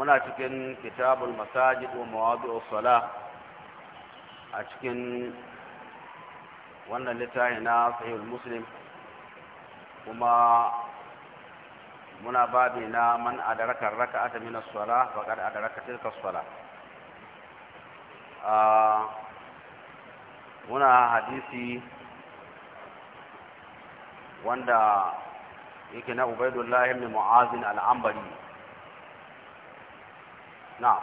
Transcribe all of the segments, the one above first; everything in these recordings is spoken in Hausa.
muna cikin kitabul masajid wa mawadu sala a cikin wannan littafi na sahihul muslim kuma muna babi na man adaraka raka'ata min as-sala faqad adaraka tilka as-sala muna hadisi wanda yake na Ubaidullah ibn Mu'az al-Ambari نعم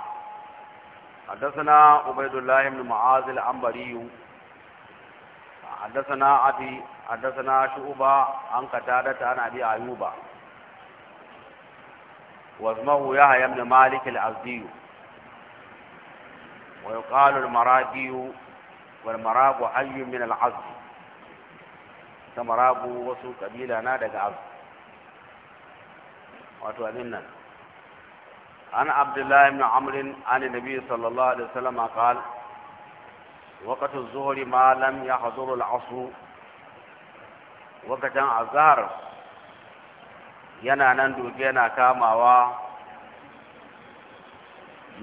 حدثنا عبيد الله بن معاذ العنبري حدثنا أبي حدثنا شعبة عن قتادة عن أبي أيوب واسمه يحيى بن مالك العبدي ويقال المراجي والمراب حي من العبد كمراب وسو قبيلة نادق واتو وتؤمننا عن عبد الله بن عمرو عن النبي صلى الله عليه وسلم قال وقت الظهر ما لم يحضر العصر وقت الظهر yana nan doke yana kamawa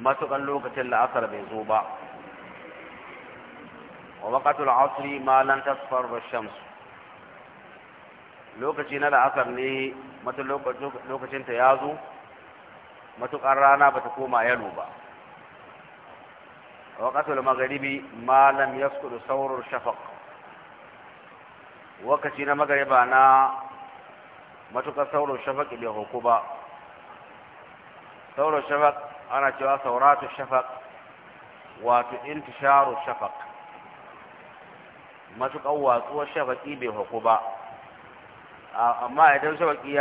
matukan lokacin la'asar bai zo ba wa waqatul asri ma tasfar shams lokaci na la'asar ne matukan lokacinta ya zo matuƙar rana ba ta koma yalo ba waƙatul magharibi malam yaskudu saurur shafaq wakaci na magariba na matuƙar saurur shafaq bai hoku ba saurur shafaq ana cewa sauratu shafaq wato intisharu shafaq matuƙar watsuwar shafaƙi bai hoku ba amma idan shafaƙi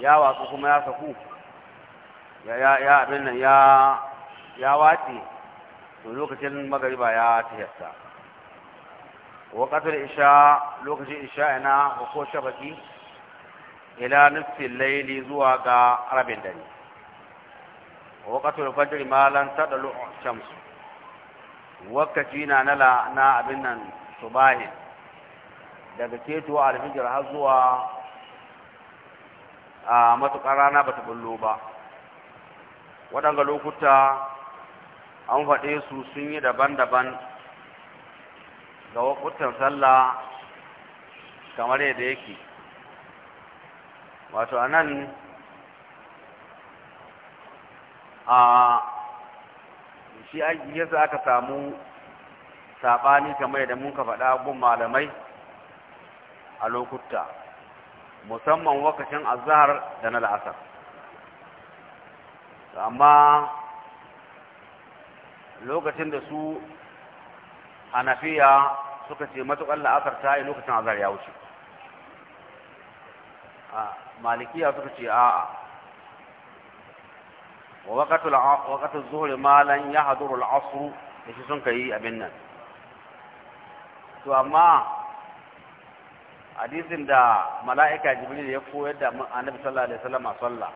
ya watsu kuma ya saku ya ya abin nan ya ya wace to lokacin magariba ya tiyasta waqatul isha lokacin isha ina ko shafaqi ila nisfil layli zuwa ga rabin dare waqatul fajr ma lan tadlu shamsu wakati na nala na abin nan subahi daga ceto alfijir har zuwa a matukar rana bata bullo ba waɗanga lokuta an faɗe su sun yi daban-daban ga waƙutan sallah kamar yadda yake wato a nan a shi yasa aka samu saɓani kamar yadda muka faɗa gun malamai a lokuta musamman wakashin azhar da na la'asar amma lokacin da su hanafiya suka ce matuƙar la'asar ta yi lokacin azar ya wuce malikiya suka ce a'a wa waƙatul zuhuri malan ya haduru al'asru da shi sun ka yi abin nan to amma hadisin da mala'ika da ya koyar da annabi sallallahu alaihi wasallam a sallah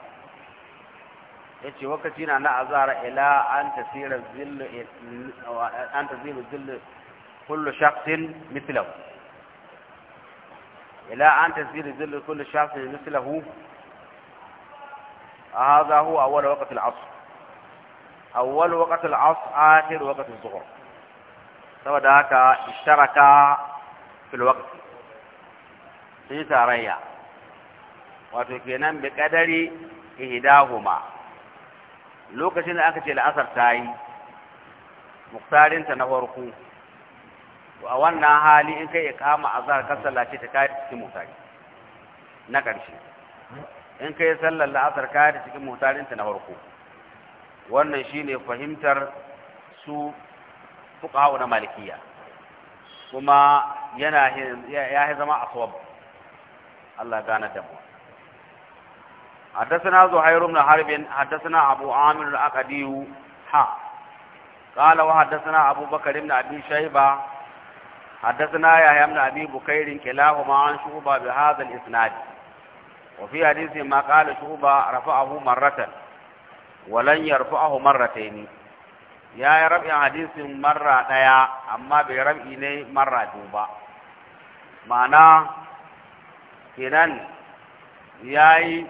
yace wakati na na azara ila an tasira zillu an tazilu zillu kullu shakhsin mithlahu ila an tasira zillu kullu shakhsin mithlahu هذا هو أول وقت العصر أول وقت العصر آخر وقت الظهر سوى ذاك اشترك في الوقت في تاريا وتكينا بقدر إهداهما lokacin da aka ce la'asar ta yi muktarinta na farko a wannan hali in kai ikama azhar ka sallace ta kai cikin mutari na ƙarshe in kai sallar la'asar kai cikin mutarinta na farko wannan shi ne fahimtar su fuqaha na malikiya kuma yana ya zama a aswab Allah gane da حدثنا زهير بن حرب حدثنا أبو عامر الأقدي ها قال وحدثنا أبو بكر بن أبي شيبة حدثنا يحيى بن أبي بكير كلاهما عن شعبة بهذا الإسناد وفي حديث ما قال شعبة رفعه مرة ولن يرفعه مرتين يا رب يا حديث مرة ديا أما بربي مرة دوبا معناه kenan ya yi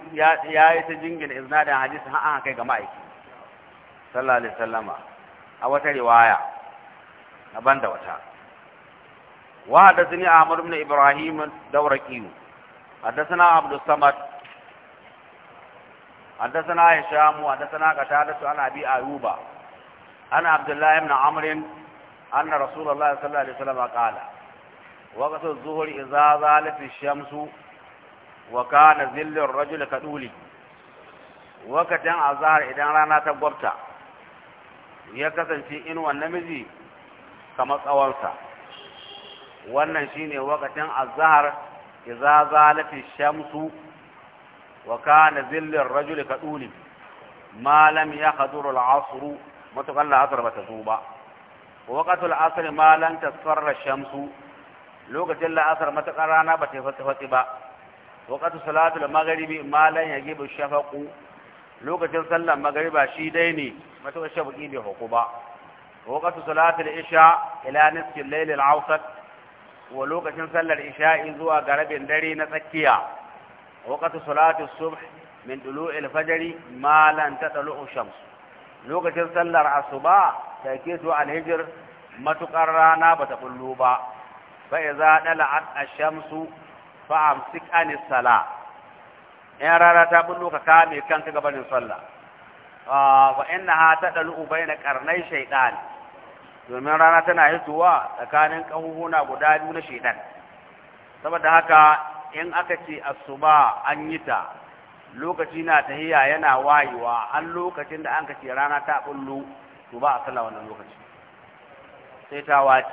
ta jingina isnadin hadisi har an kai ga ma'aiki sallallahu alaihi sallama a wata riwaya ban da wata wa A ahmad na ibrahim dawraqi suna abdus samad hadathana hisham hadathana suna an abi ayuba ana Abdullahi na amurin an na rasulallah sallallahu alaihi sallama kala Wa kasar zuhuri idza zalat ash-shamsu wa kana zillur rajul kaduli wakatan azhar idan rana ta gwabta ya kasance inuwan namiji kamar tsawonsa wannan shine wakatan azhar idza zalati shamsu wa kana zillur rajul kaduli ma lam yahduru al-'asr matukan la'asar ba ta zo ba waqatul asr ma lan tasfarra shamsu lokacin la'asar matukan rana ba ta fatsi ba وقت صلاة المغرب ما لا يجيب الشفق لوقت صلاة المغرب شيديني ما تقول الشفق إيدي حقوبة وقت صلاة العشاء إلى نسك الليل العوسط ولوقت صلاة العشاء إذوى قرب اندري نسكيا وقت صلاة الصبح من دلوء الفجر ما لن تطلع الشمس لوقت صلاة العصباء تأكيد عن هجر ما تقرانا بتقلوبا فإذا نلعت الشمس Fa'am anis sala in rana ta bullo ka kame kanka gabanin sallah ah, wa innaha tadalu na karnai shaytan domin rana tana hituwa tsakanin kahuhuna guda biyu na shaytan saboda haka in aka ce asuba an yi ta lokaci na tahiya yana wayewa an lokacin da an ce rana ta bullo to ba a sallah wannan lokaci sai ta wace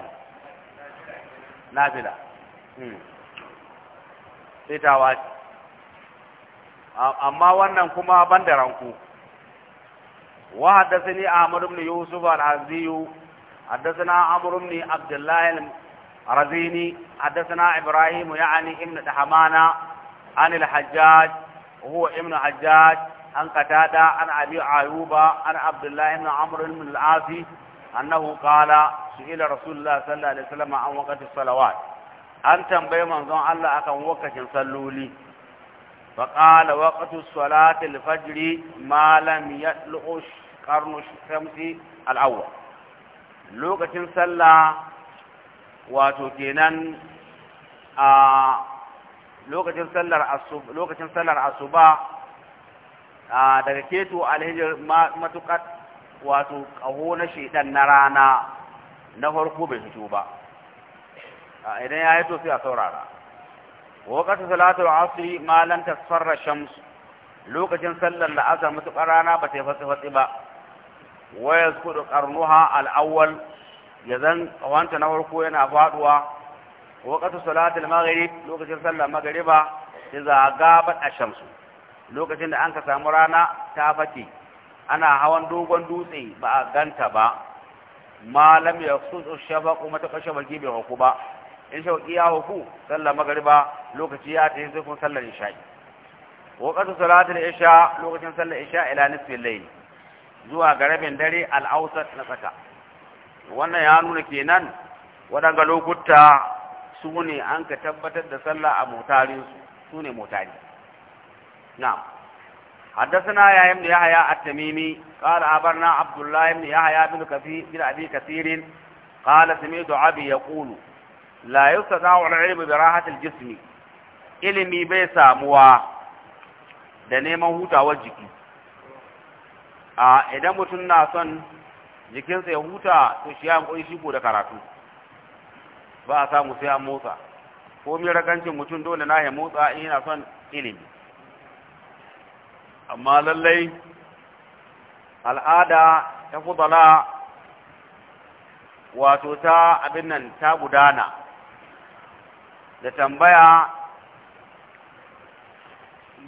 nafila hmm. sai amma wannan kuma ban da ranku wa haddasani Ahmad ibn Yusuf al-Azizi haddasana Amr ibn Abdullah razini haddasana Ibrahim ya'ani ibn Tahmana an hajjaj huwa ibn Hajjaj an Qatada an Abi Ayyuba an Abdullah ibn Amr ibn al-Azizi annahu qala سئل رسول الله صلى الله عليه وسلم an tambayi manzon Allah akan wakashin salloli fa qala waqtu salati al-fajr ma lam yatlu'u qarnu shamsi al-awwal lokacin sallah wato kenan a lokacin sallar asuba lokacin sallar asuba daga keto alhijir matukat wato kaho na shedan na rana na farko bai fito ba idan ya yi to sai a saurara wakati salatu asri ma lan tasfarra shams lokacin sallar la'asar mutuƙar rana ba ta yi fatsi ba wa yazkuru qarnuha al ya zan wanta na farko yana faduwa wakati Salatu maghrib lokacin sallar maghriba idza gabat ash-shamsu lokacin da an ka samu rana ta fati ana hawan dogon dutse ba a ganta ba malam ya kusa shafa kuma ta kashe balgi bai hukuba. ba in shauƙi ya huku sallar magariba lokaci ya ta yi zufin sallar isha'i waƙatu salatul isha lokacin sallar isha ila nisfin layli zuwa ga rabin dare al'ausat na saka wannan ya nuna kenan waɗanga lokuta su ne an ka tabbatar da sallah a motarinsu su ne motari na'am حدثنا يا ابن يحيى التميمي قال أبرنا عبد الله بن يحيى بن كثير بن أبي كثير قال سمعت أبي يقول la yustata'u al-ilmu bi ilimi bai samuwa da neman hutawar jiki a idan mutum na son jikinsa ya huta to shi ya shi da karatu ba a samu sai an motsa ko mai ragancin mutum dole na ya motsa in yana son ilimi amma lallai al'ada ta fudala wato ta abin nan ta gudana da tambaya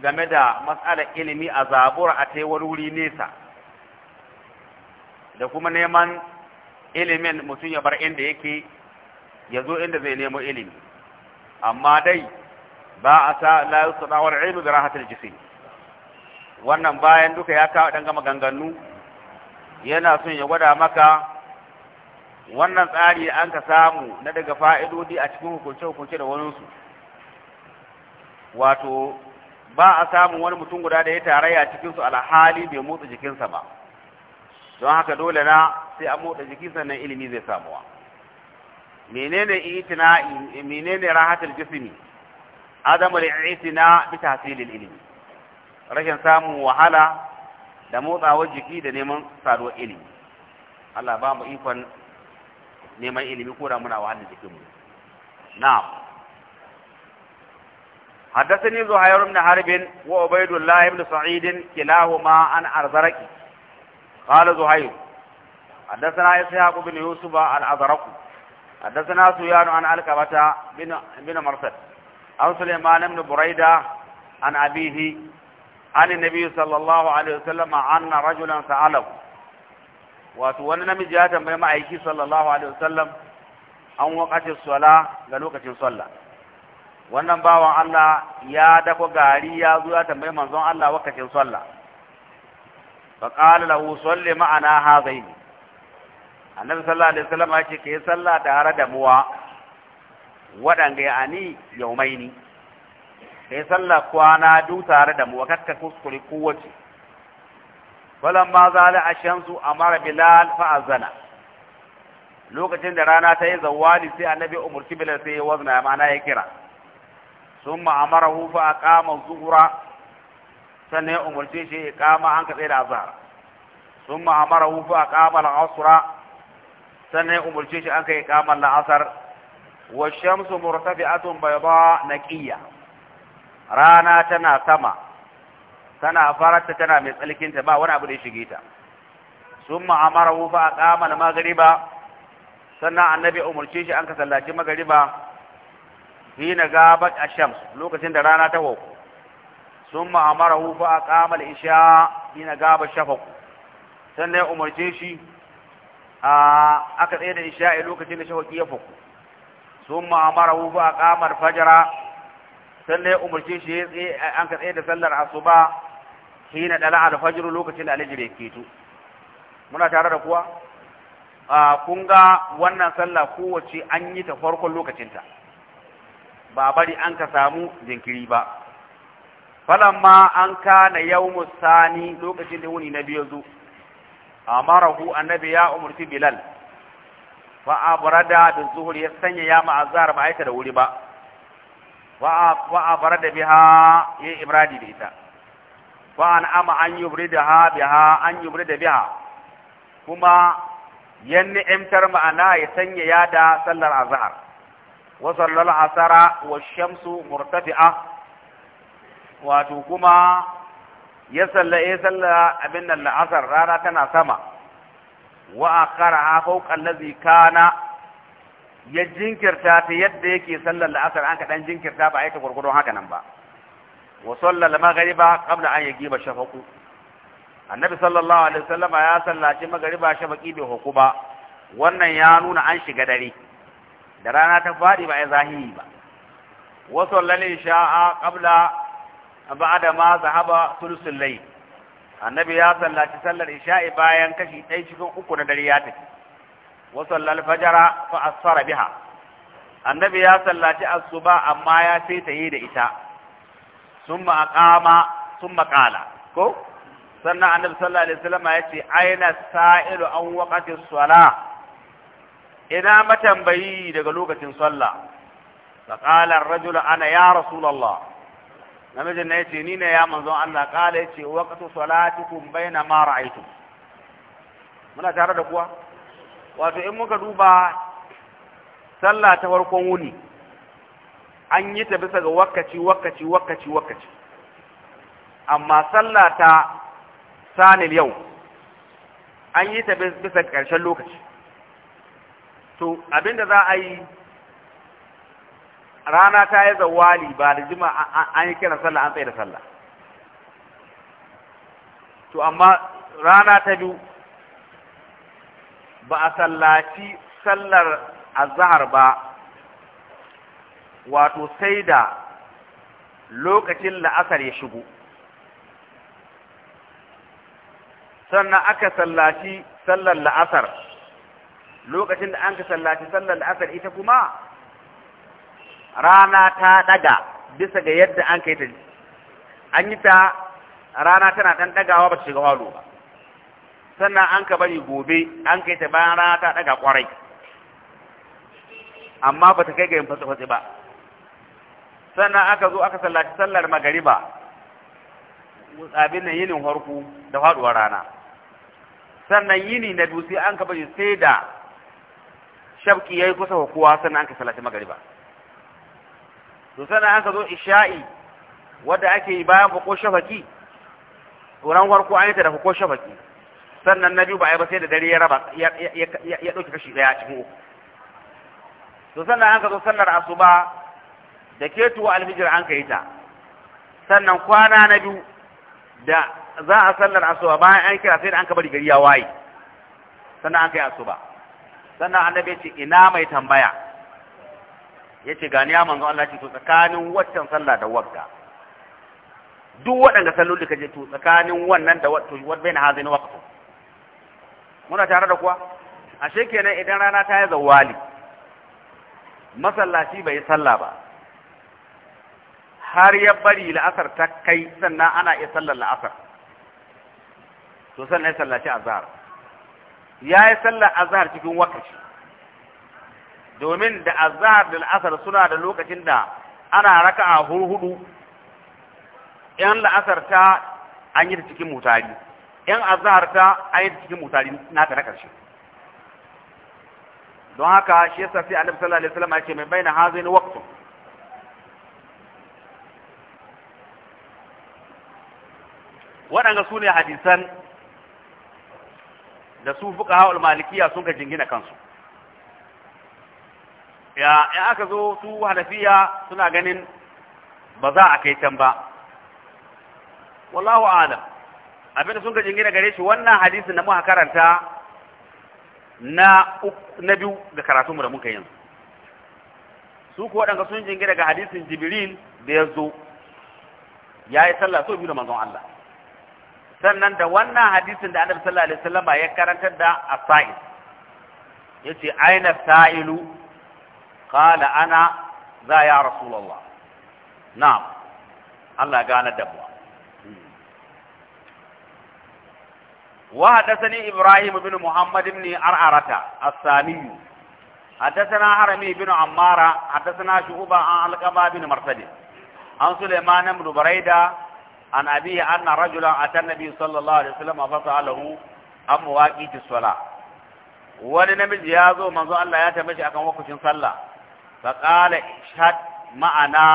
game da matsalar ilimi a zabura a taiwar wuri nesa da kuma neman ilimin mutum ya bar inda yake ya zo inda zai nemo ilimi amma dai ba a sa layu tsawar ilu da rahatar jisi wannan bayan duka ya kawo ɗan gama ganganu yana son ya gwada maka wannan tsari an ka samu na daga fa'idodi a cikin hukunce-hukunce da waninsu wato ba a samun wani mutum guda da ya tarayya cikinsu alhali bai motsa jikinsa ba don haka dole na sai an motsa jikinsa na ilimi zai samuwa menene itina'i menene da jismi adamul itina bi tahsilil ilmi rashin samun wahala da motsawar jiki da neman sadu ilimi Allah ba mu ikon neman ilimi ko da muna wahalar jikinmu na'am حدثني زهير بن حرب وعبيد الله بن سعيد كلاهما عن أرزرك قال زهير حدثنا إسحاق بن يوسف الأزرق حدثنا سفيان عن الكبة بن بن مرثد عن سليمان بن بريدة عن أبيه عن النبي صلى الله عليه وسلم أن رجلا سأله wato wani namiji ya tambayi ma'aiki sallallahu alaihi wasallam an wakati sala ga lokacin sallah wannan bawan Allah ya dako gari ya zo ya tambayi manzon Allah wakacin sallah fa qala lahu salli ma'ana hazaini annabi sallallahu alaihi wasallam ya ce kai sallah tare da muwa waɗanda ya ani yaumaini kai sallah kwana duk tare da muwa kakka kuskure kowace falamma zala ashamsu amara bilal fa azana lokacin da rana ta yi zawali sai annabi umurci bilal sai ya wazna ma'ana ya kira summa amarahu fa aqama zuhra sannan ya umurce shi an ka da azhar summa amarahu fa aqama al-asra sannan ya umurce shi an al-asr wa shamsu murtafi'atun bayda naqiyya rana tana sama tana farata tana mai tsalkinta ba wani abu da ya shige ta sun ma'amara wufa a ƙamal magariba sannan annabi umarci shi an ka sallaci magariba fi na gaba a shams lokacin da rana ta hau sun ma'amara wufa a ƙamal isha fi na gaba shafa shafaku sannan ya umarce shi a aka tsaye da isha'i lokacin da shafaki ya faku sun ma'amara wufa a ƙamal fajara sannan ya umarce shi an ka tsaye da sallar asuba hina dala al lokacin da alijire ke ya muna tare da kuwa a kun ga wannan sallah kowace an yi ta farkon lokacinta ba bari an ka samu jinkiri ba falamma an kana yawmu sani lokacin da wuni na biyu zo amarahu annabi ya umurti bilal fa abrada bi zuhur ya sanya ya ma azhar ba aita da wuri ba wa abrada biha ya ibradi da ita fa an yi an yubridaha biha an yubrida biha kuma yan ni'imtar ma'ana ya sanya ya da sallar azhar wa sallar asara wa shamsu murtafi'a wato kuma ya salla ya salla abin rana tana sama wa akharaha fawqa allazi kana ya jinkirta ta yadda yake sallar la'asar an ka jinkirta ba aika gurgudun haka nan ba wa magariba, maghriba qabla an yagiba shafaqu annabi sallallahu alaihi wasallama ya sallaci magariba shafaki bai huku ba wannan ya nuna an shiga dare da rana ta faɗi ba ya zahiri ba wa sallal isha'a qabla da ma zahaba thulusul lai. annabi ya sallaci sallar isha'i bayan kashi ɗaya cikin uku na dare ya tafi wa sallal fajara fa asfara biha annabi ya sallaci asuba amma ya sai yi da ita sun ma'aƙama sun maƙala ko sannan annabi sallallahu alaihi wasallam ya ce aina sa'ilu an waqati sala ina matambayi daga lokacin sallah faqala ar-rajulu ana ya rasulullah namijin ne yace ni ne ya manzon Allah kala yace waqtu salatikum baina muna tare da kuwa wato in muka duba sallah ta farkon wuni an yi ta bisa ga wakaci wakaci wakaci wakaci amma sallah ta sanil yau an yi ta bisa ga ƙarshen lokaci to abinda za a yi rana ta yi zawali ba da jima an yi kiran sallah an tsaye da sallah to amma rana ta biyu ba a sallaci sallar azhar ba wato sai da lokacin la'asar ya shigo sannan aka sallaci sallar la'asar lokacin da an ka sallaci sallar la'asar ita kuma rana ta daga bisa ga yadda an ka yi ta an yi ta rana tana ɗan ɗagawa ba ta shiga walo ba sannan an ka bari gobe an ka yi ta bayan rana ta ɗaga ƙwarai amma ba ta kai ga yin fasa-fasa ba sannan aka zo aka sallaci sallar magariba abin nan yinin harku da faduwar rana sannan yini na dusi an ka bari sai da shafki yayi kusa hukuwa sannan an ka sallaci magariba to sannan an ka zo isha'i wanda ake yi bayan ko shafaki ran harku an yi ta da ko shafaki sannan na biyu ba a ba sai da dare ya raba ya ɗauki kashi ɗaya cikin uku to sannan an ka zo sallar asuba da ketuwa alhijir an yi ta sannan kwana na biyu da za a sallar asuba bayan an kira sai da an ka bari gari ya waye sannan an kai asuba sannan annabi ya ce ina mai tambaya ya ce gani ya manzo Allah ce to tsakanin waccan sallah da wagga duk waɗanda da kaje to tsakanin wannan da wato wa baina hazin waqtu muna tare da kuwa ashe kenan idan rana ta yi zawali masallaci bai sallah ba har ya bari la'asar ta kai sannan ana iya sallar la'asar to sannan ya sallaci azhar ya yi sallar azhar cikin wakashi domin da azhar da la'asar suna da lokacin da ana raka'a hurhudu yan la'asar ta an yi cikin mutari yan azhar ta an yi cikin mutari ta na karshe don haka shi yasa sai annabi sallallahu alaihi wasallam ya ce mai baina hazin waqtun waɗanda su ne hadisan da su fuka hawa malikiya sun ka jingina kansu ya in aka zo su hanafiya suna ganin ba za a kai can ba wallahu alam abinda sun ka jingina gare shi wannan hadisin da muka karanta na na biyu ga karatunmu da muka yanzu su ko waɗanda sun jingina ga hadisin jibril da ya zo ya yi sallah so biyu da manzon Allah sannan da wannan hadisin da annabi sallallahu alaihi wasallam ya karanta da asa'il yace aina sa'ilu qala ana za ya rasulullah na'am Allah gane da hmm. wa hadathani ibrahim ibn muhammad ibn ar'arata as-sami hadathana harami ibn ammara hadathana shu'ba an alqama ibn marsad an sulaiman ibn burayda an abi anna rajulan ata nabi sallallahu alaihi wasallam fa sa'alahu an muwaqiti sala wani namiji ya zo manzo Allah ya tambaye akan wakucin sallah fa qala shahad ma'ana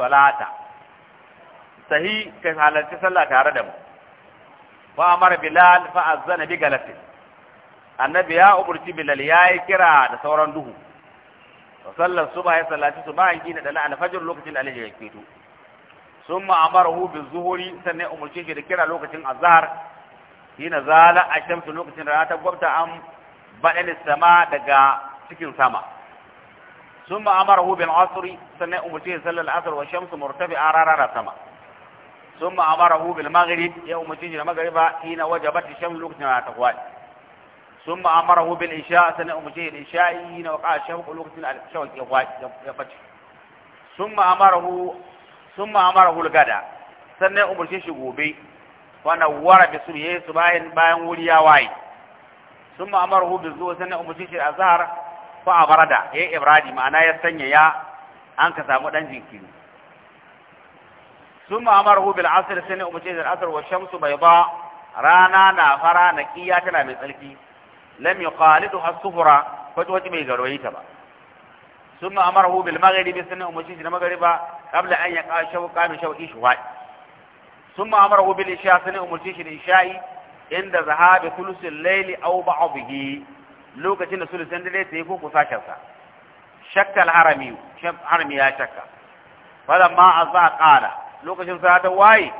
salata sahi ka halarci sallah tare da mu fa amara bilal fa azzana bi galatin annabi ya umurci bilal yayi kira da sauran duhu sallar subha ya sallaci subha an gina da la'al fajr lokacin da alhaji ya fito sun ma'amara hubin zuhuri sannan umarci umarce shi da kira lokacin azhar hina zala a shamsu lokacin rana ta gwabta an baɗin sama daga cikin sama sun ma'amara hubin asuri sannan umarci umarce shi sallar asar wa shamsu murtafi a rarara sama sun ma'amara hubin maghrib ya umarce shi da maghriba hina wajabat shamsu lokacin rana ta kwaɗi sun ma'amara hubin isha sannan umarci umarce shi da isha'i hina waƙa shawku lokacin shawki ya kwaɗi ya ɓace sun ma'amara hubin sun ma'amara hulgada sannan umarce shi gobe wanda wara da su yi su bayan bayan wuri ya waye sun ma'amara hudu zuwa sannan umarce shi a zahar fa a barada ya yi ibradi ma'ana ya sanya ya an ka samu dan jinkiri sun ma'amara hudu asir sannan umarce shi asir wa shamsu bai ba rana na fara na kiya tana mai tsarki lam yuqalidu hasufura ko to wace mai garwayi ta ba ثم أمره بالمغرب سنة ومشيش المغرب قبل أن يقع شوقا من شوق إشواء ثم أمره بالإشاء سنة ومشيش الإشاء عند ذهاب ثلث الليل أو بعضه لوكا تنة ثلث الليل تيكون كساشا شك الحرمي حرمي يا شك فلما أصبح قال لوكا تنة ثلاثة واي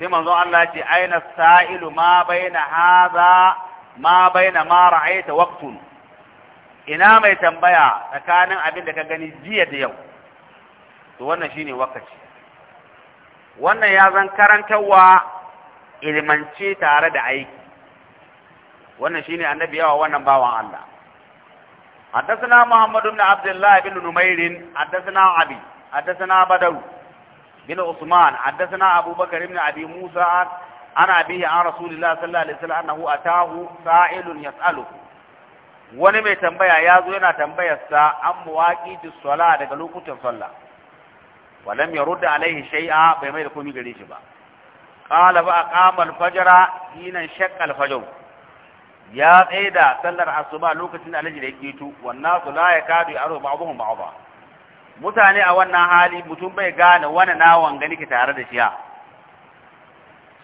ثم أنظر الله أين السائل ما بين هذا ما بين ما رأيت وقت ina mai tambaya tsakanin abin da ka gani jiya da yau to wannan shine wakaci wannan ya zan karantarwa ilmance tare da aiki wannan shine annabi yawa wannan bawan Allah حدثنا محمد بن عبد الله بن نمير حدثنا أبي حدثنا بدر بن عثمان حدثنا أبو بكر بن أبي موسى عن أبيه عن رسول الله صلى الله عليه وسلم أنه أتاه سائل يسأله wani mai tambaya ya zo yana tambayar sa an muwaki da sala daga lokutan sallah walam yarud alaihi shay'a bai mai da komai gare shi ba qala fa aqama al-fajra hinan shaqqa al-fajr ya tsaida sallar asuba lokacin da alaji da yake tu wannan su la ya kadu yaro ba'dhum ba. mutane a wannan hali mutum bai gane wani nawan gani ke tare da shi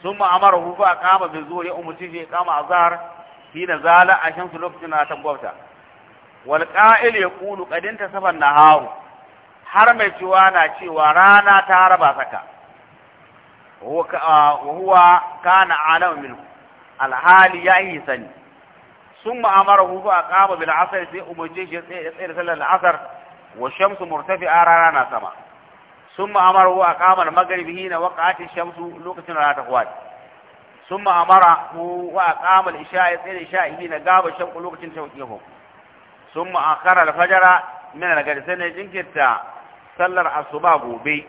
sun ma'amara hufa a kama bin zuwa ya umarci shi kama azhar hina zala a shamsu lokacin na ta Walƙa'il ya qa'il ƙadinta qad na an-nahar har mai cewa na cewa rana ta raba saka wa huwa kana alam min alhali ya yi sani sun ma'amara hufu a kama bil asar sai umarce shi ya tsaye da sallar asar wa shamsu murtafi a rana na sama sun ma'amara hufu a kama da magaribi hina wakati shamsu lokacin rana ta kwaci sun ma'amara ku wa a kamar isha ya tsere isha a na gaba shan ku lokacin tawqifu sun ma'akara da fajara min gari sai ne jinkirta sallar asuba gobe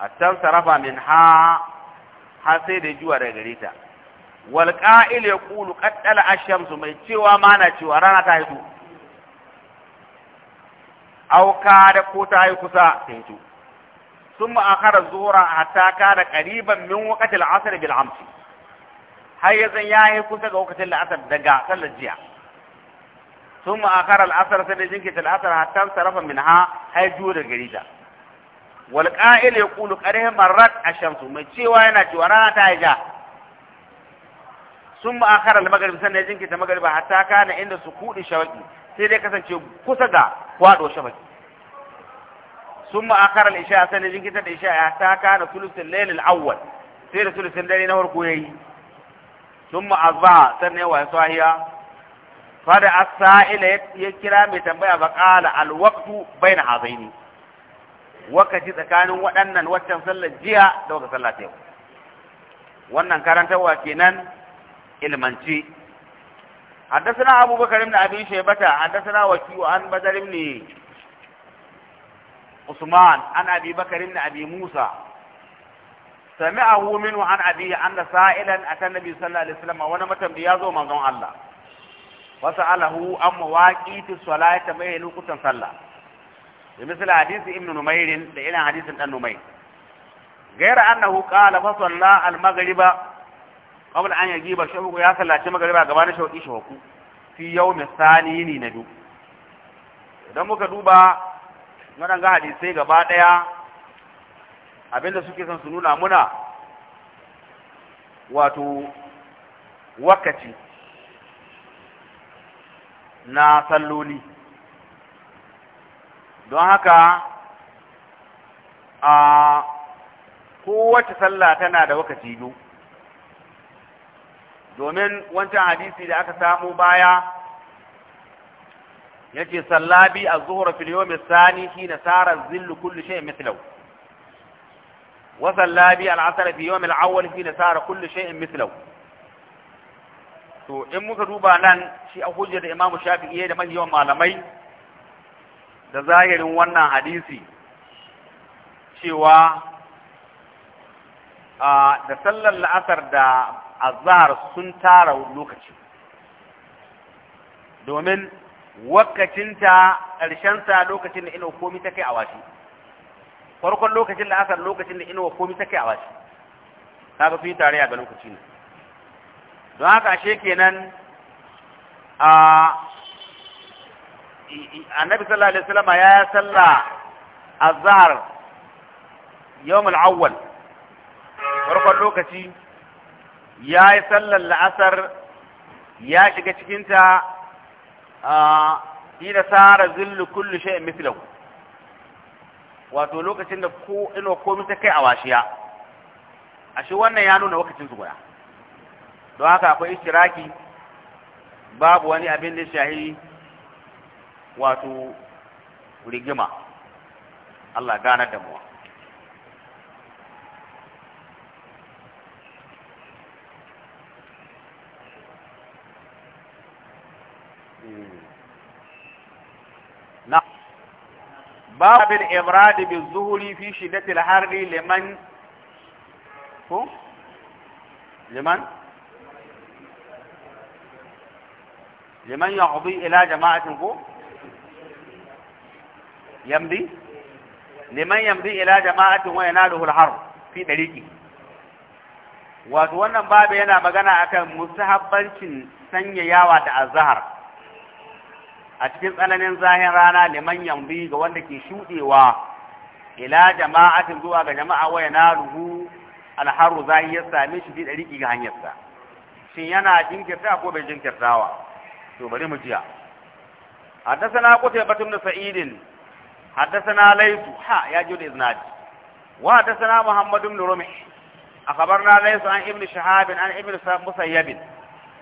a can sarafa min ha har sai da juwa daga gare ta wal qa'il yaqulu qaddal ash mai cewa mana cewa rana ta hito aw da ko ta yi kusa ta hito sun ma'akara zuhura hatta ka da qariban min waqtil asr bil amsi har ya zan yayi kusa ga lokacin la'asar daga sallar jiya sun ma'akar al'asar sai da jinkita al'asar hatta sarrafa min ha har juyo da gari ta wal qa'il yaqulu qarihi marrat ash-shamsu mai cewa yana cewa rana ta ja sun ma'akar al-maghrib sannan ya jinkita magriba hatta kana inda su sukudi shawaki sai dai kasance kusa ga kwado shawaki sun ma'akar al-isha sannan jinkita da isha hatta kana thuluth al-layl awwal sai da thuluth al-layl na farko yi. sun ma'azza sannan ya wasu sahiya fada asa'ila ya kira mai tambaya ba ƙala alwaktu bai na hazaini wakaci tsakanin waɗannan waccan sallar jiya da wata sallar yau wannan karantarwa kenan ilmanci حدثنا أبو بكر بن أبي شيبة حدثنا وكيع عن بدر بن عثمان عن أبي بكر بن أبي Musa. sami'ahu minhu an abi anna sa'ilan atan nabi sallallahu alaihi wasallam wani matambi ya zo manzon Allah wa sa'alahu an mawaqiti salati mai lokutan sallah da misal ibn numair da irin hadisin dan numair غير أنه قال فصلى المغرب قبل أن يجيب الشفق يا صلى الله المغرب غبان شوقي شوقو في يوم الثاني ne na biyu idan muka duba waɗanga hadisai gaba ɗaya abinda suke son su nuna muna wato wakati na salloli don haka a kowace sallah tana da wakati biyu domin wancan hadisi da aka samu baya yace sallabi az-zuhra fil yawm ath-thani hina sara zillu kullu shay'in mithlahu وصلى بي العصر في يوم الأول حين صار كل شيء مثله to in muka duba nan shi a hujjar da imamu shafi'i da mahiyawan malamai da zahirin wannan hadisi cewa da sallar la'asar da azhar sun tara lokaci domin wakacinta ƙarshensa lokacin da ina komi ta kai a washi farkon lokacin da asar lokacin da inuwa komi take a wasu kaga sun yi tarayya ga lokaci ne don haka ashe kenan a annabi sallallahu alaihi wasallam ya salla azhar yawm al-awwal farkon lokaci ya yi sallar la'asar ya shiga cikinta a ina sara zillu kullu shay'in mithlahu wato lokacin da ko ino komi ta kai a washiya ashe wannan ya nuna lokacin su guda don haka akwai istiraki babu wani abin da shahi wato rigima Allah ganar da mu باب الإبراد بالظهور في شدة الحر لمن هو لمن لمن يقضي إلى جماعة هو يمضي لمن يمضي إلى جماعة ويناله الحر في طريقه wato wannan babu yana magana akan mustahabbancin sanyayawa da azhar a cikin tsananin zahin rana ne manyan yambi ga wanda ke shuɗewa ila jama'atin zuwa ga jama'a waya na ruhu alharu za'i ya same shi da riƙi ga hanyarsa shin yana jinkirta ko bai jinkirta wa to bari mu jiya haddasana kutai batun da sa'idin haddasana laisu ha ya ji da iznad wa haddasana muhammadu bin rumih akhbarna laisu an ibnu shahabin an ibnu musayyabin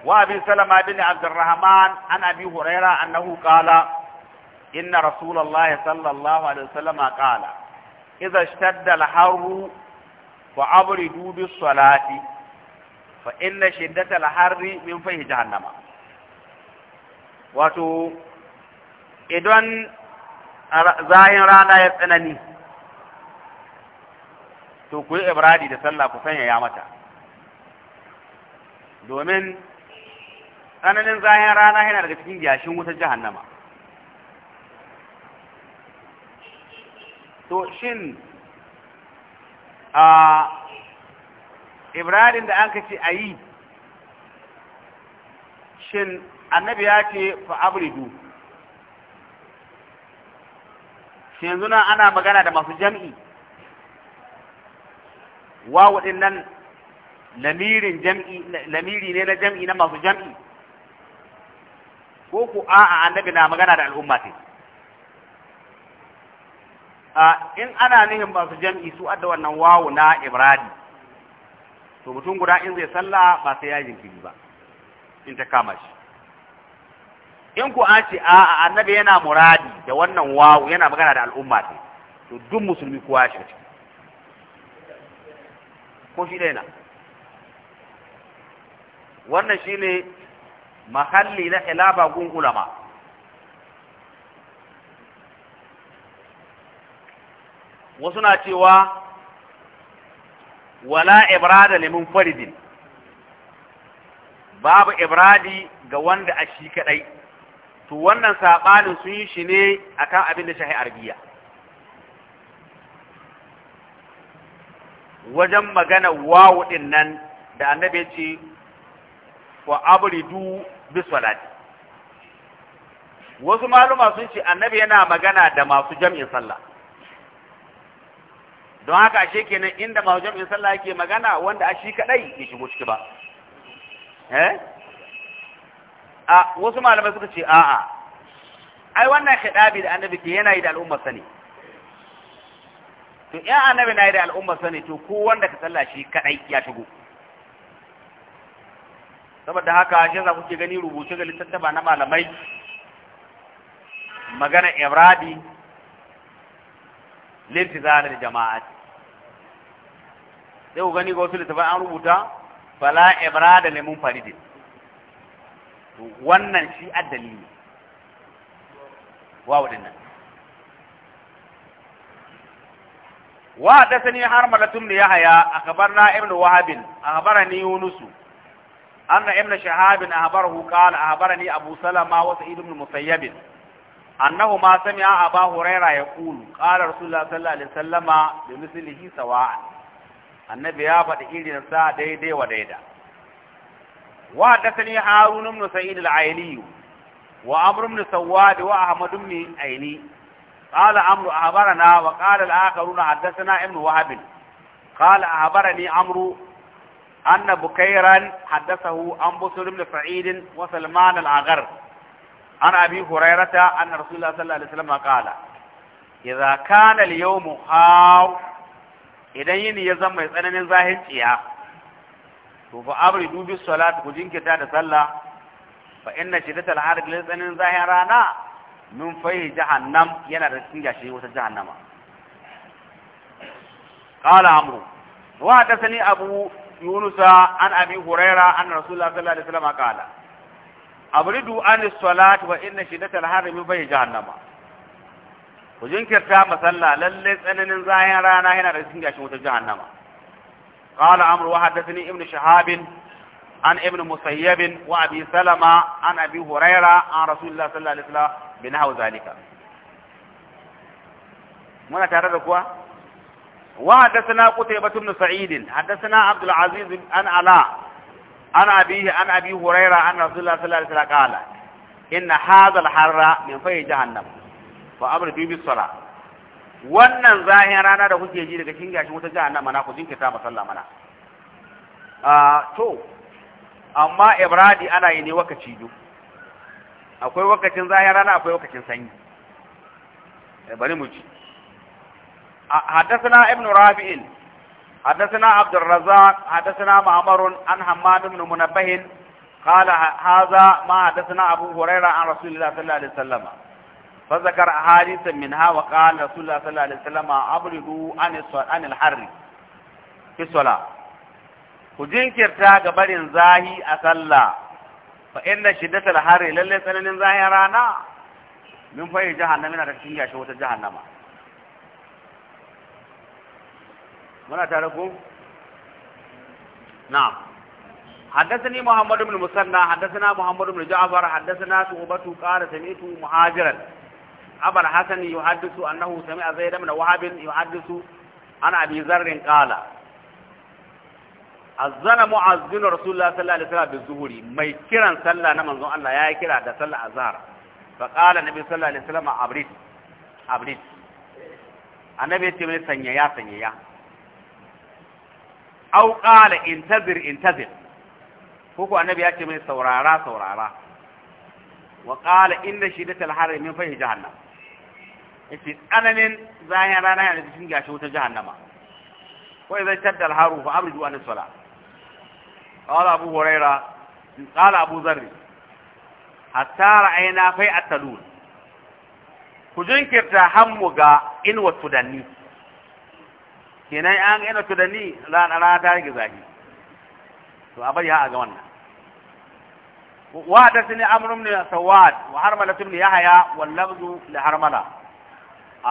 وابي سلمة بن عبد الرحمن عن ابي هريرة انه قال ان رسول الله صلى الله عليه وسلم قال اذا اشتد الحر فابردوا بالصلاة فان شدة الحر من فيه جهنم واتو idan zahin rana ya tsanani to ku yi ibradi da sallah ku sanya ya mata domin tsananin zahin rana yana daga cikin yashin wutar jahannama to shin a ibrahim da an ka ce a yi shin annabi ya ce fa'abridu shi yanzu nan ana magana da masu jam'i wa ɗin lamirin jam'i lamiri ne na jam'i na masu jam'i ko ku a'a annabi na magana da al'umma ce a in ana nihin masu jam'i su adda wannan wawu na ibradi to mutum guda in zai sallah ba sai ya jinkiri ba in ta kama shi in ku a ce a annabi yana muradi da wannan wawu yana magana da al'umma ce to duk musulmi kowa ya shiga ciki ko shi ɗaya na wannan shi ne mahalli na ilaba gun ulama wasu na cewa wala ibrada limin faridin babu ibradi ga wanda a shi kadai to wannan sabanin sun yi shi ne akan abin da shahi arbiya wajen magana wawu din nan da annabi ya ce wa abridu bisalati wasu maluma sun ce annabi yana magana da masu jami'in sallah don haka ashe kenan inda masu jami'in sallah yake magana wanda a shi kadai ya shigo ciki ba eh a wasu malamai suka ce a ai wannan khidabi da annabi ke yana yi da al'ummar sani to in annabi na yi da al'ummar sani to ko wanda ka sallah shi kadai ya shigo saboda haka shi za kuke gani rubuce ga littattafa na malamai magana ibradi lintizar jama'a sai ku gani ga wasu littattafa an rubuta fala ibrada limun faridin wannan shi addali ne wawu dinnan wa hadathani harmalatun yahya akhbarna ibnu wahabin ni yunusu أن ابن شهاب أخبره قال أخبرني أبو سلمة وسعيد بن المسيب أنه ما سمع أبا هريرة يقول قال رسول الله صلى الله عليه وسلم بمثله سواء النبي يا بدي إيدي نساء ديدي وديدا وحدثني هارون بن سعيد العيني وعمر بن سواد وأحمد بن عيني قال عمرو أخبرنا وقال الآخرون حدثنا ابن وهب قال أخبرني عمرو أن بكيرا حدثه عن بصر بن سعيد وسلمان الأغر عن أبي هريرة أن رسول الله صلى الله عليه وسلم قال إذا كان اليوم خاو إذا يني يزم يسألني زاهن تيا فأبردوا بالصلاة كجين كتاد صلى فإن شدة الحرق لسألني زاهن رانا من فيه جهنم ينا رسنجا شيء وسجهنم قال عمرو وحدثني أبو يونس عن أبي هريرة أن رسول الله صلى الله عليه وسلم قال أبردوا عن الصلاة وإن شدة الحر من فيه جهنم وجنكرتا مسلا للي سنن زاهن رانا هنا رسنجا شموت جهنم قال أمر وحدثني ابن شهاب عن ابن مسيب وأبي سلمة عن أبي هريرة عن رسول الله صلى الله عليه وسلم بنحو ذلك muna tare da kuwa وحدثنا قتيبة بن سعيد حدثنا عبد العزيز عن علاء عن أبيه عن أبي هريرة عن رسول الله صلى الله عليه وسلم قال إن هذا الحر من في جهنم فأمر به بالصلاة wannan zahin rana da kuke ji daga kinga shi wata jahannama mana ku jinkirta ba mana a ah, to amma ibradi ana yi ne wakaci do akwai wakacin zahin rana akwai wakacin sanyi eh, bari mu ci حدثنا ابن رافع حدثنا عبد الرزاق حدثنا معمر عن حماد بن منبه قال هذا ما حدثنا أبو هريرة عن رسول الله صلى الله عليه وسلم فذكر أحاديث منها وقال رسول الله صلى الله عليه وسلم أبردوا عن عن الحر في الصلاة وجنكرتا قبل زاهي أصلى فإن شدة الحر لليس سنن زاهي رانا من فيه جهنم من ركتين شوت جهنم muna tare ku na'am حدثني محمد بن مسنى حدثنا محمد بن جعفر حدثنا شعبة قال سمعت مهاجرا أبا الحسن يحدث أنه سمع زيد بن وهب يحدث عن أبي ذر قال أذن معزن رسول الله صلى الله عليه وسلم بالظهور مي كيران صلى نمن الله يا كيرا ده صلى أزهر فقال النبي صلى الله عليه وسلم أبريت أبريت النبي يتمنى سنيا سنيا au qala intazir intazir koko annabi ya ce mai saurara saurara wa qala inna shiddatal harri min fahi jahannam yace tsananin zahin rana yana cikin gashi wata jahannama Ko idan tadda al haru fa abriju an sala qala abu huraira qala abu zarri hatta ra'ayna fai at-talul ku jinkirta hammu ga in wa tudanni kenan an yana ta da ni ranar ta yi gizahi to a bari ha a ga wannan wa ta su ne amurum ne a sawad wa har malatun ne ya haya wallab zu da har a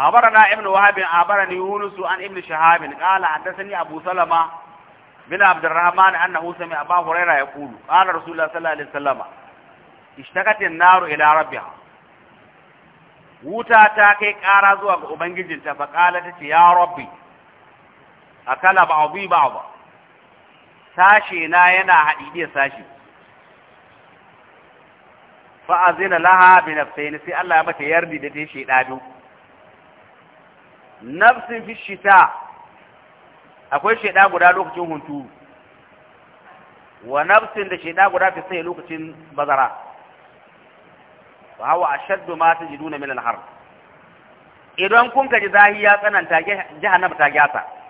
habara na ibn wahabin a habara ne yunusu an ibn shahabin kala a ta sani abu salama bin abdurrahman an na husa mai abba huraira ya kulu kala rasulullah sallallahu alaihi wasallama ishtagatin naru ila rabbiha wuta ta kai kara zuwa ga ubangijinta fa kala ta ce ya rabbi akala ba ba. sashe na yana hadidi sashe fa azina laha bi nafsayn sai Allah ya mata yardi da ta sheda biyu nafsin fi shita akwai sheda guda lokacin hunturu wa nafsin da sheda guda fi sai lokacin bazara fa a ashaddu ma tajiduna min al-harb idan kun ji zahi ya tsananta jahannama ta gyasa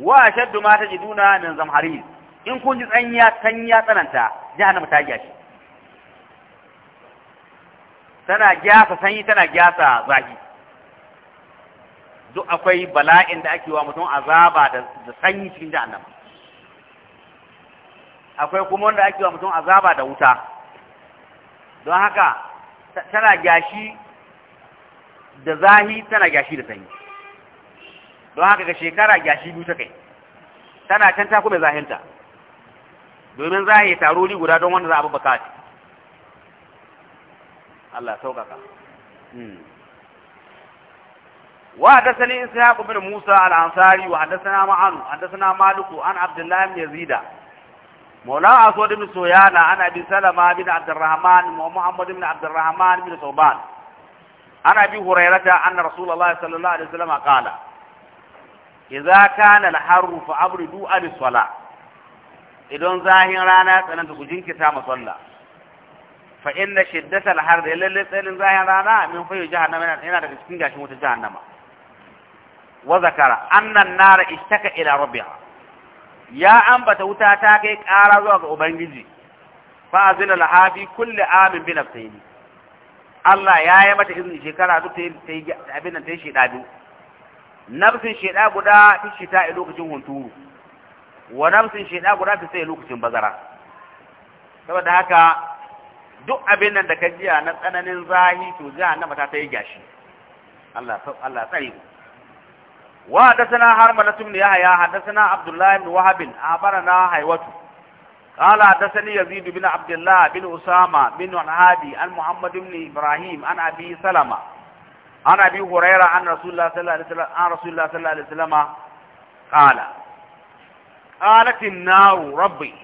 wa shaddu ma tajiduna min zamharin in kun ji tsanya tanya tsananta jahannama ta gyashi tana gyasa sanyi tana gyasa zahi duk akwai bala'in da ake wa mutum azaba da sanyi cikin jahannama akwai kuma wanda ake wa mutum azaba da wuta don haka tana gyashi da zahi tana gyashi da sanyi don haka ga shekara gashi biyu ta kai tana can ta kuma zahinta domin za a yi taro ni guda don wanda za a bi bukati Allah saukaka hmm. wa hadathani ishaq ibn musa al-ansari wa hadathana ma'anu hadathana maliku an abdullah ibn yazid mawla aswad ibn suyana an abi salama ibn abd arrahman wa muhammad ibn abd arrahman ibn thawban an abi hurairah anna rasulullah sallallahu alaihi wasallam qala idza kana al-harru fa abridu an sala idan zahin rana tsananta ku jinkita masalla fa inna shiddata al-har da lalle tsanin zahin rana min fayu jahannama yana daga cikin gashin wuta jahannama wa zakara anna an-nara ishtaka ila rabbiha ya ambata wuta ta kai ƙara zuwa ga ubangiji fa azina al-hafi kulli amin bi nafsihi Allah ya yi mata izini shekara duk ta yi abin nan ta yi shida biyu nafsin sheda guda fi shita a lokacin hunturu wa nafsin sheda guda ta sai lokacin bazara saboda haka duk abin nan da ka jiya na tsananin zahi to jahannama ta ta yi gashi Allah Allah tsare ku wa hadathana harmalah ibn yahya hadathana abdullah ibn wahab akhbarana haywatu قال حدثني يزيد بن عبد الله بن أسامة بن الهادي عن محمد بن إبراهيم عن أبي سلمة عن أبي هريرة عن رسول الله صلى الله عليه وسلم عن رسول الله صلى الله عليه وسلم قال قالت النار ربي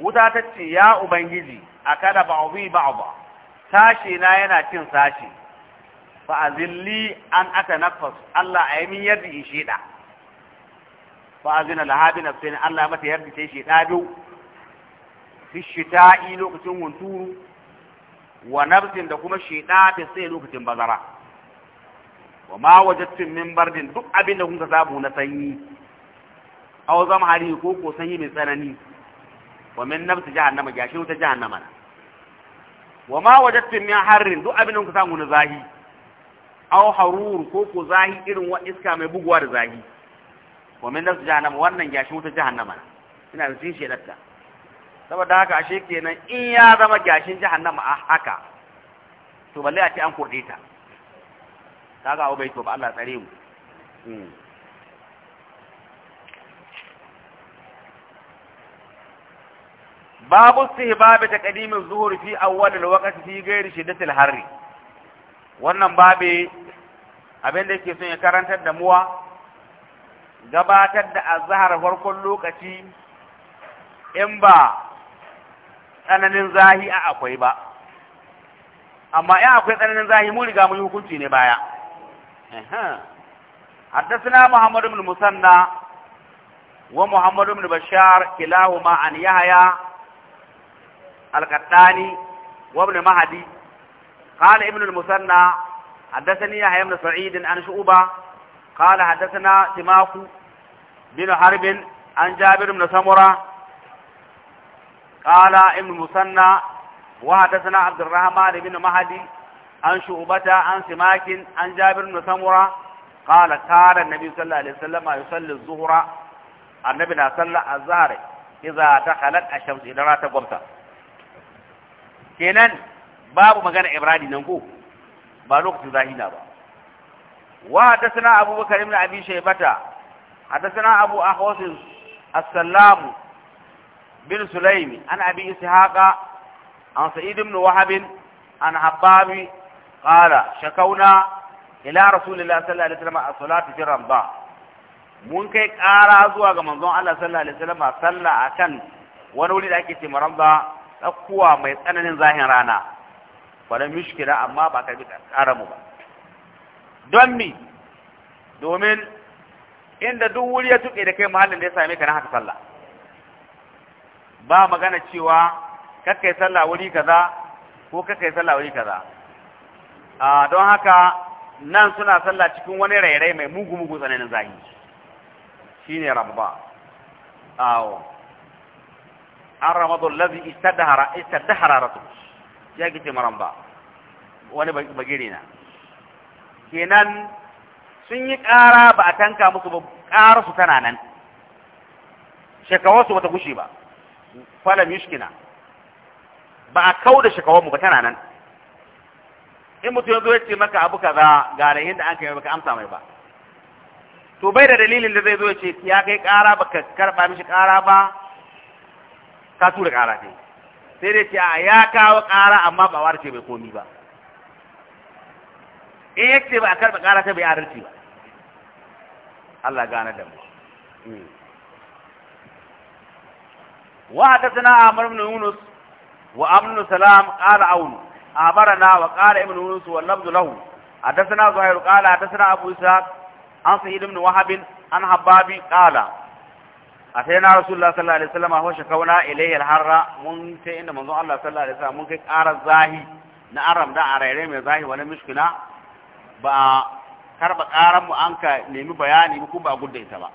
وذاتت يا أبنجي أكاد بعضي بعضا ساشي لا يناتين ساشي فأذلي أن أتنفس الله أيمن يدي شيئا فأذن لها بنفسين الله متى يدي شيئا في الشتاء لوقت ونتور ونبت لكم الشتاء في الصيف لوقت بذره wa ma wajadtum min bardin duk abin da kun samu na sanyi aw hari ko ko sanyi mai tsanani wa min nafsi jahannama shi wuta jahannama wa ma wajadtum min harrin duk abin da kun ka samu na zahi aw harur ko ko zahi irin wa iska mai buguwa da zahi wa min nafsi jahannama wannan shi wuta jahannama ina da cin shedarta saboda haka ashe kenan in ya zama gashin jahannama a haka to balle a ce an kurde ta kaga abu bai to ba Allah tsare mu hmm. babu istihbab ta az zuhur fi awwal alwaqti fi ghairi shiddat wannan babe abin da yake son ya karantar da muwa gabatar da azhar farkon lokaci in ba tsananin zahi a akwai ba amma in akwai tsananin zahi mu riga yi hukunci ne baya حدثنا محمد بن مسنى ومحمد بن بشار كلاهما عن يحيى القطاني وابن مهدي قال ابن المسنى حدثني يحيى بن سعيد عن شعبة قال حدثنا سماك بن حرب عن جابر بن سمرة قال ابن المسنى وحدثنا عبد الرحمن بن مهدي an shubata an simakin an jabir bin samura qala kana annabi sallallahu alaihi wasallam yusalli az-zuhra annabi na salla az-zuhra idza dakhalat ash-shams idan ta gwamta kenan babu magana ibradi nan ko ba lokacin zahina ba wa hadathana abubakar ibn abi shaybata hadathana abu ahwas as-salam bin sulaimi an abi ishaqa an sa'id ibn wahab an hababi qala shakauna ila rasulillahi sallallahu alaihi wasallam a salatu jiran ba mun kai ƙara zuwa ga manzon Allah sallallahu alaihi wasallam sallah akan wani wuri da ake ce maramba tsakuwa mai tsananin zahin rana ba da mishkila amma ba ka karbi ƙara mu ba don mi domin inda duk wuri ya tuke da kai mahallin da ya same ka na haka sallah ba magana cewa kakai sallah wuri kaza ko kakai sallah wuri kaza don haka nan suna sallah cikin wani rairai mai mugu mugu tsananin zahi shine rabba awo an ramadun lazi da hararatu, ya gice maramba wani bagire na kenan sun yi ƙara ba a tanka musu ba kara su tana nan shekawarsu ba ta gushe ba falam yushkina ba a kau da shekawarmu ba tana nan in mutum ya zo ya ce maka abu kaza ga rahin da an kai baka amsa mai ba to bai da dalilin da zai zo ya ce ya kai kara baka karba mishi kara ba ka tura kara ce sai dai ce a ya kawo kara amma ba ce bai komi ba in ya ce ba a karba kara ta bai adalci ba Allah gane da mu hmm. wa hadathana amr ibn yunus wa amr ibn salam qala aunu أخبرنا وقال ابن يونس واللفظ له حدثنا زهير قال حدثنا أبو إسحاق عن سعيد بن وهب عن حبابي قال أتينا رسول الله صلى الله عليه وسلم وشكونا إليه الحر منتئن من منذ الله صلى الله عليه وسلم منك أرى الزاهي نأرم دا أرى من الزاهي ولا مشكلة ba karba karan mu an ka nemi bayani ko ba gudda ita ba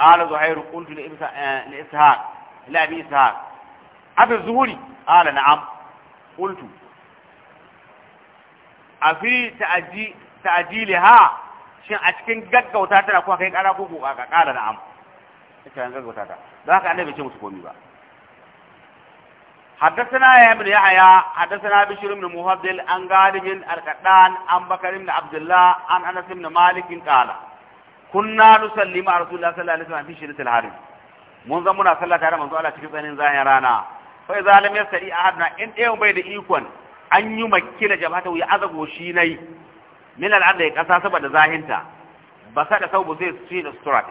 qala zuhairu qultu li ibsa li ishaq la bi ishaq abi zuhuri qala na'am qultu afi ta'aji ta'jiliha shi a cikin gaggauta tana kuma kai kara ko ka kara na'am ita an gaggauta ta don haka annabi ce musu komi ba حدثنا يا ابن يحيى حدثنا بشير بن مفضل عن غالب القطان عن بكر بن عبد الله عن انس بن مالك قال كنا نصلي مع رسول الله صلى الله عليه وسلم في شدة الحرب mun zan muna sallah tare manzo Allah cikin tsanin zahin rana fa idza lam yastari ahadna in ɗayan bai da ikon an yi makkila jabata ya azago shi nai min al'ad da kasa saboda zahinta ba sa da saubu zai ci da sutura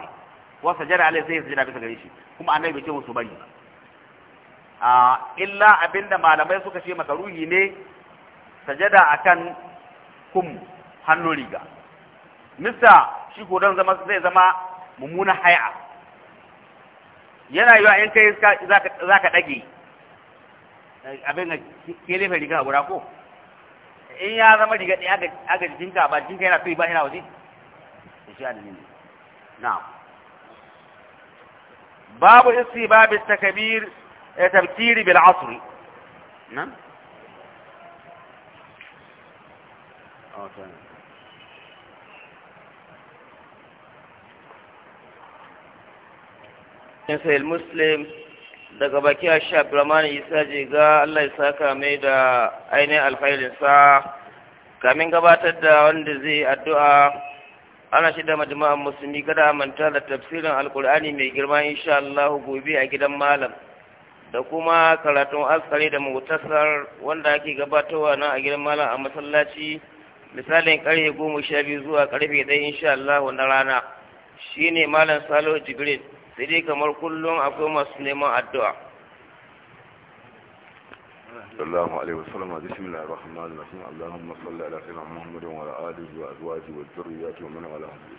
wa sajada alai sai sajada bisa gare shi kuma annabi bai ce musu bari a illa abinda malamai suka ce ruhi ne sajada akan kum hannu riga mista shi ko dan zama zai zama mummuna hay'a yana yiwa in kai za ka dage abin da ke rufe riga guda ko in ya zama riga ɗaya aga jikinka ba jikinka yana fi ba yana waje da shi adalin na babu isi babu takabir tabkiri bil asri nan okay في المسلم daga baki a sha Abdulrahman Isa ga Allah ya saka mai da ainihin alkhairin sa kamin gabatar da wanda zai addu'a ana shi da majma'an musulmi kada manta da tafsirin alkur'ani mai girma insha Allah gobe a gidan malam da kuma karatun askari da mutasar wanda ake gabatarwa nan a gidan malam a masallaci misalin karfe goma sha biyu zuwa karfe ɗaya insha Allah na rana shine malam Salihu Jibril sai dai kamar kullum akwai masu neman addu'a sallallahu alaihi wasallam bismillahir rahmanir rahim allahumma salli ala sayyidina muhammadin wa ala alihi wa azwajihi wa dhurriyyatihi wa man walahum bi